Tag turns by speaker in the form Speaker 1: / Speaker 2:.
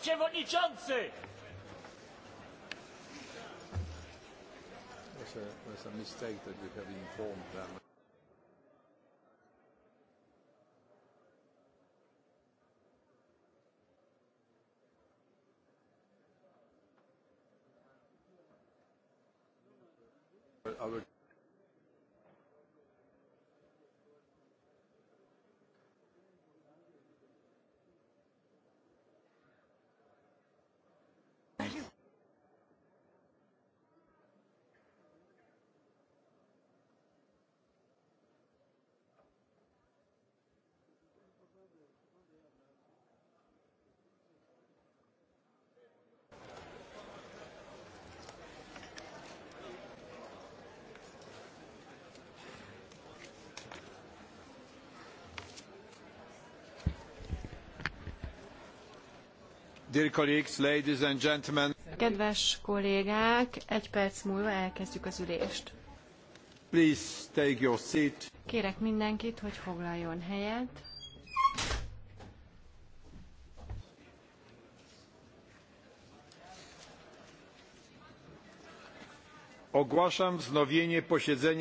Speaker 1: Przewodniczący!
Speaker 2: There's a,
Speaker 1: Kedves kollégák, egy perc múlva elkezdjük az ülést.
Speaker 3: Please take your seat.
Speaker 1: Kérek mindenkit, hogy foglaljon helyet.
Speaker 3: Ogłaszam wznowienie posiedzenia.